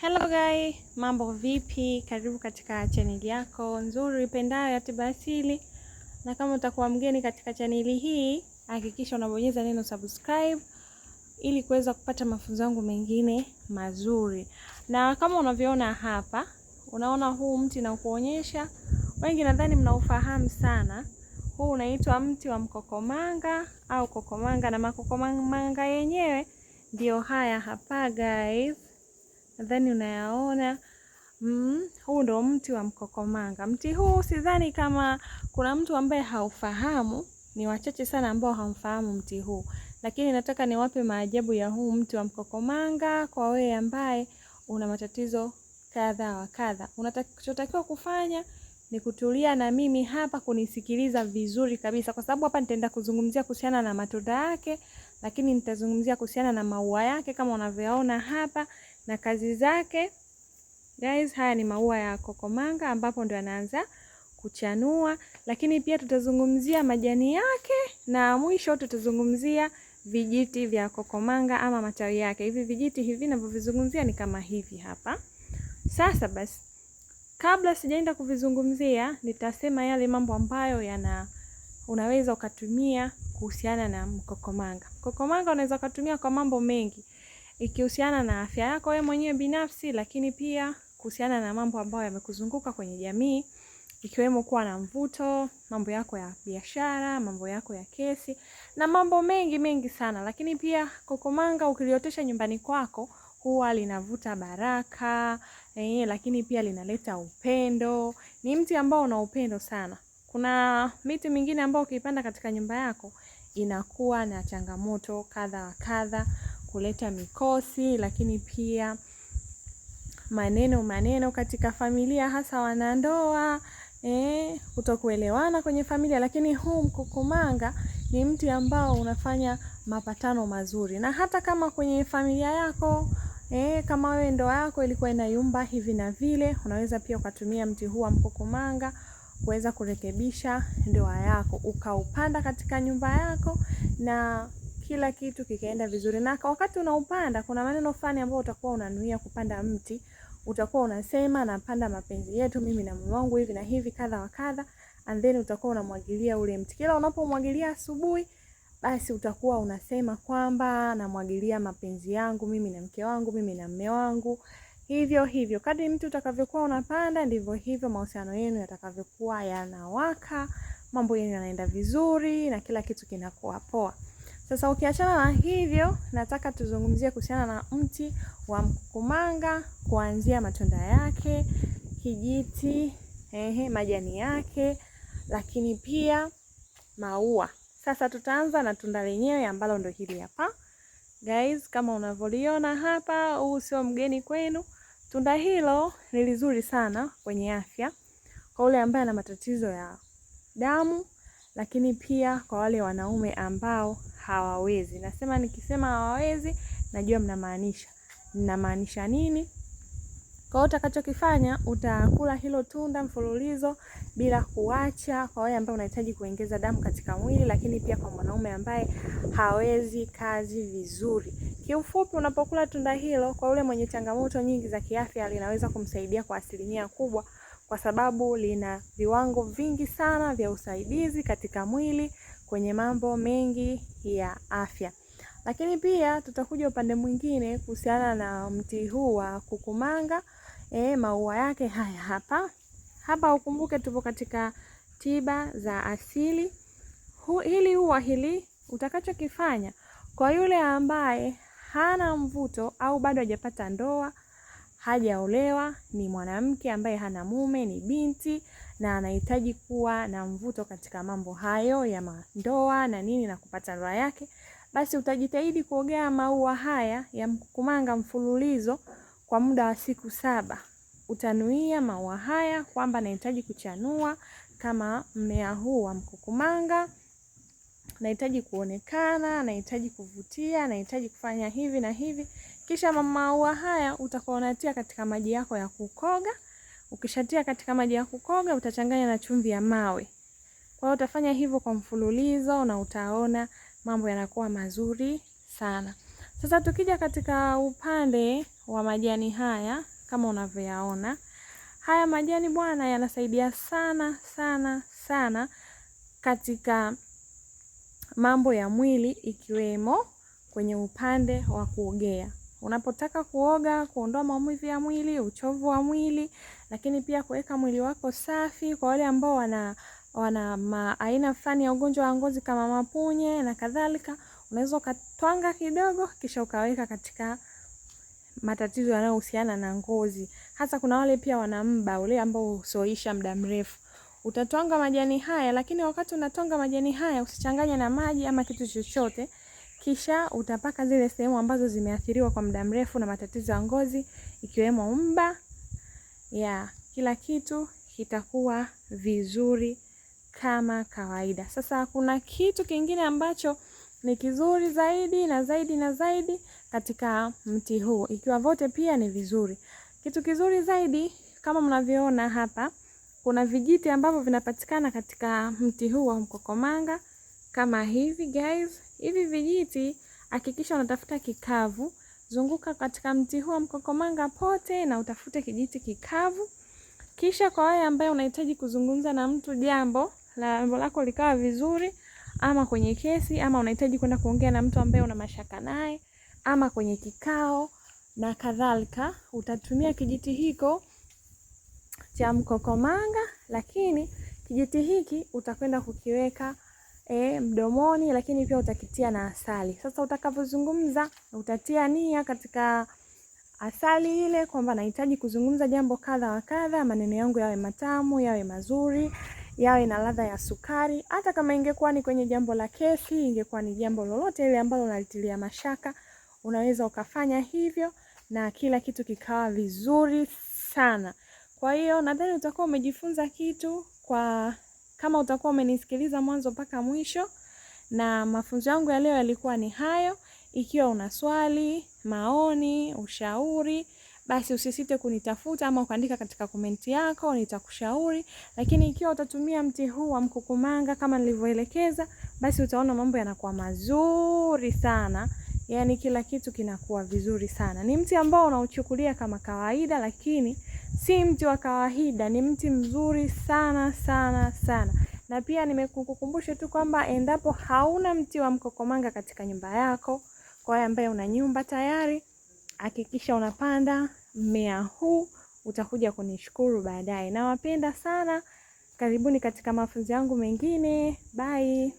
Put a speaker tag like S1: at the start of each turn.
S1: Hello guys, mambo vipi? Karibu katika chaneli yako nzuri ipendayo ya tiba asili, na kama utakuwa mgeni katika chaneli hii, hakikisha unabonyeza neno subscribe ili kuweza kupata mafunzo yangu mengine mazuri. Na kama unavyoona hapa, unaona huu mti na kuonyesha, wengi nadhani mnaufahamu sana. Huu unaitwa mti wa mkokomanga au kokomanga, na makokomanga yenyewe ndio haya hapa guys nadhani unayaona. Mm, huu ndo mti wa mkokomanga. Mti huu sidhani kama kuna mtu ambaye haufahamu, ni wachache sana ambao hamfahamu mti huu, lakini nataka niwape maajabu ya huu mti wa mkokomanga kwa wewe ambaye una matatizo kadha wa kadha. Unachotakiwa kufanya ni kutulia na mimi hapa kunisikiliza vizuri kabisa, kwa sababu hapa nitaenda kuzungumzia kuhusiana na matunda yake, lakini nitazungumzia kuhusiana na maua yake kama unavyoona hapa na kazi zake. Guys, haya ni maua ya kokomanga ambapo ndio anaanza kuchanua, lakini pia tutazungumzia majani yake na mwisho tutazungumzia vijiti vya kokomanga ama matawi yake. Hivi vijiti hivi ninavyovizungumzia ni kama hivi hapa. Sasa basi, kabla sijaenda kuvizungumzia, nitasema yale mambo ambayo yana unaweza ukatumia kuhusiana na mkokomanga. Mkokomanga unaweza ukatumia kwa mambo mengi ikihusiana na afya yako wewe mwenyewe binafsi, lakini pia kuhusiana na mambo ambayo yamekuzunguka kwenye jamii ikiwemo kuwa na mvuto, mambo yako ya biashara, mambo yako ya kesi na mambo mengi mengi sana. Lakini pia kokomanga ukiliotesha nyumbani kwako huwa linavuta baraka eh, lakini pia linaleta upendo. Ni mti ambao una upendo sana. Kuna miti mingine ambayo ukiipanda katika nyumba yako inakuwa na changamoto kadha wa kadha kuleta mikosi, lakini pia maneno maneno katika familia, hasa wanandoa eh, kutokuelewana kwenye familia. Lakini huu mkukumanga ni mti ambao unafanya mapatano mazuri, na hata kama kwenye familia yako E, kama wewe ndoa yako ilikuwa inayumba hivi na vile, unaweza pia ukatumia mti huu wa mkukumanga kuweza kurekebisha ndoa yako, ukaupanda katika nyumba yako na kila kitu kikaenda vizuri. Na wakati unaupanda kuna maneno fulani ambayo utakuwa unanuia kupanda mti, utakuwa unasema napanda mapenzi yetu mimi na mume wangu hivi na hivi kadha wa kadha, and then utakuwa unamwagilia ule mti. Kila unapomwagilia asubuhi, basi utakuwa unasema kwamba namwagilia mapenzi yangu mimi na mke wangu, mimi na mume wangu. Hivyo hivyo kadri mtu utakavyokuwa unapanda, ndivyo hivyo mahusiano yenu yatakavyokuwa yanawaka, mambo yenu yanaenda vizuri na kila kitu kinakuwa poa. Sasa ukiachana na hivyo, nataka tuzungumzie kuhusiana na mti wa mkukumanga, kuanzia matunda yake, kijiti, ehe, majani yake, lakini pia maua. Sasa tutaanza na tunda lenyewe ambalo ndo hili hapa. Guys, kama unavyoliona hapa, huu sio mgeni kwenu. Tunda hilo ni lizuri sana kwenye afya kwa ule ambaye ana matatizo ya damu, lakini pia kwa wale wanaume ambao hawawezi. Nasema nikisema hawawezi, najua mnamaanisha mnamaanisha nini. Kwa hiyo utakachokifanya utakula hilo tunda mfululizo bila kuacha, kwa wale ambao unahitaji kuongeza damu katika mwili, lakini pia kwa mwanaume ambaye hawezi kazi vizuri. Kiufupi, unapokula tunda hilo, kwa yule mwenye changamoto nyingi za kiafya, linaweza kumsaidia kwa asilimia kubwa, kwa sababu lina viwango vingi sana vya usaidizi katika mwili kwenye mambo mengi ya afya. Lakini pia tutakuja upande mwingine kuhusiana na mti huu wa kukumanga, e, maua yake haya hapa. Hapa ukumbuke tupo katika tiba za asili. Hu, hili huwa hili utakachokifanya kwa yule ambaye hana mvuto au bado hajapata ndoa, hajaolewa, ni mwanamke ambaye hana mume, ni binti na anahitaji kuwa na mvuto katika mambo hayo ya mandoa na nini na kupata ndoa yake, basi utajitahidi kuogea maua haya ya mkumanga mfululizo kwa muda wa siku saba. Utanuia maua haya kwamba nahitaji kuchanua kama mmea huu wa mkukumanga, nahitaji kuonekana, nahitaji kuvutia, nahitaji kufanya hivi na hivi. Kisha maua haya utakuwa unatia katika maji yako ya kukoga Ukishatia katika maji ya kukoga utachanganya na chumvi ya mawe. Kwa hiyo utafanya hivyo kwa mfululizo na utaona mambo yanakuwa mazuri sana. Sasa tukija katika upande wa majani haya kama unavyoyaona. Haya majani bwana yanasaidia sana sana sana katika mambo ya mwili ikiwemo kwenye upande wa kuogea. Unapotaka kuoga, kuondoa maumivu ya mwili, uchovu wa mwili, lakini pia kuweka mwili wako safi kwa wale ambao wana wana ma, aina fulani ya ugonjwa wa ngozi kama mapunye na kadhalika, unaweza ukatwanga kidogo kisha ukaweka katika matatizo yanayohusiana na ngozi. Hasa kuna wale pia wana mba ule ambao husoisha muda mrefu. Utatwanga majani haya, lakini wakati unatwanga majani haya usichanganye na maji ama kitu chochote, kisha utapaka zile sehemu ambazo zimeathiriwa kwa muda mrefu na matatizo ya ngozi ikiwemo mba. Ya, kila kitu kitakuwa vizuri kama kawaida. Sasa kuna kitu kingine ambacho ni kizuri zaidi na zaidi na zaidi katika mti huu. Ikiwa vote pia ni vizuri. Kitu kizuri zaidi kama mnavyoona hapa, kuna vijiti ambavyo vinapatikana katika mti huu wa mkokomanga kama hivi guys. Hivi vijiti hakikisha unatafuta kikavu. Zunguka katika mti huo mkokomanga pote na utafute kijiti kikavu. Kisha kwa wale ambao unahitaji kuzungumza na mtu jambo la jambo lako likawa vizuri, ama kwenye kesi, ama unahitaji kwenda kuongea na mtu ambaye una mashaka naye, ama kwenye kikao na kadhalika, utatumia kijiti hiko cha mkokomanga, lakini kijiti hiki utakwenda kukiweka e, mdomoni, lakini pia utakitia na asali. Sasa utakavyozungumza utatia nia katika asali ile kwamba nahitaji kuzungumza jambo kadha wa kadha, maneno yangu yawe matamu, yawe mazuri, yawe na ladha ya sukari. Hata kama ingekuwa ni kwenye jambo la kesi, ingekuwa ni jambo lolote ile ambalo unalitilia mashaka, unaweza ukafanya hivyo na kila kitu kikawa vizuri sana. Kwa hiyo nadhani utakuwa umejifunza kitu kwa kama utakuwa umenisikiliza mwanzo mpaka mwisho. Na mafunzo yangu ya leo yalikuwa ni hayo. Ikiwa una swali, maoni, ushauri, basi usisite kunitafuta ama ukaandika katika komenti yako, nitakushauri. Lakini ikiwa utatumia mti huu wa mkukumanga kama nilivyoelekeza, basi utaona mambo yanakuwa mazuri sana yaani kila kitu kinakuwa vizuri sana. Ni mti ambao unauchukulia kama kawaida, lakini si mti wa kawaida, ni mti mzuri sana sana sana. Na pia nimekukumbusha tu kwamba endapo hauna mti wa mkokomanga katika nyumba yako, kwa wewe ambaye una nyumba tayari, hakikisha unapanda mmea huu, utakuja kunishukuru baadaye. Nawapenda sana, karibuni katika mafunzo yangu mengine. Bye.